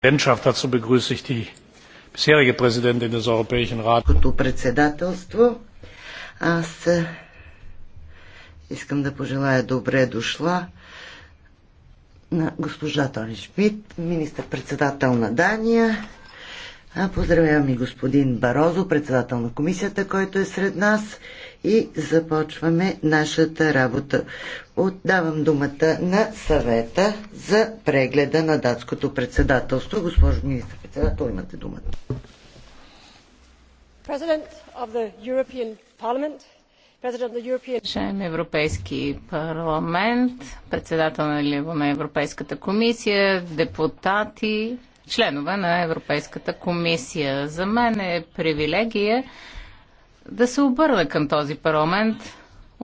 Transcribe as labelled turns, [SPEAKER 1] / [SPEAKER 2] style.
[SPEAKER 1] Präsidentschaft. Dazu begrüße ich die bisherige Präsidentin des Europäischen Rates.
[SPEAKER 2] искам да пожелая добре дошла на госпожа Тони Шмидт, министър-председател на Дания Поздравявам и господин Барозо, председател на комисията, който е сред нас и започваме нашата работа. Отдавам думата на съвета за прегледа на датското председателство. Госпожо министр-председател, имате думата.
[SPEAKER 3] Уважаеми
[SPEAKER 4] Европейски парламент, председател на Европейската комисия, депутати, членове на Европейската комисия. За мен е привилегия да се обърна към този парламент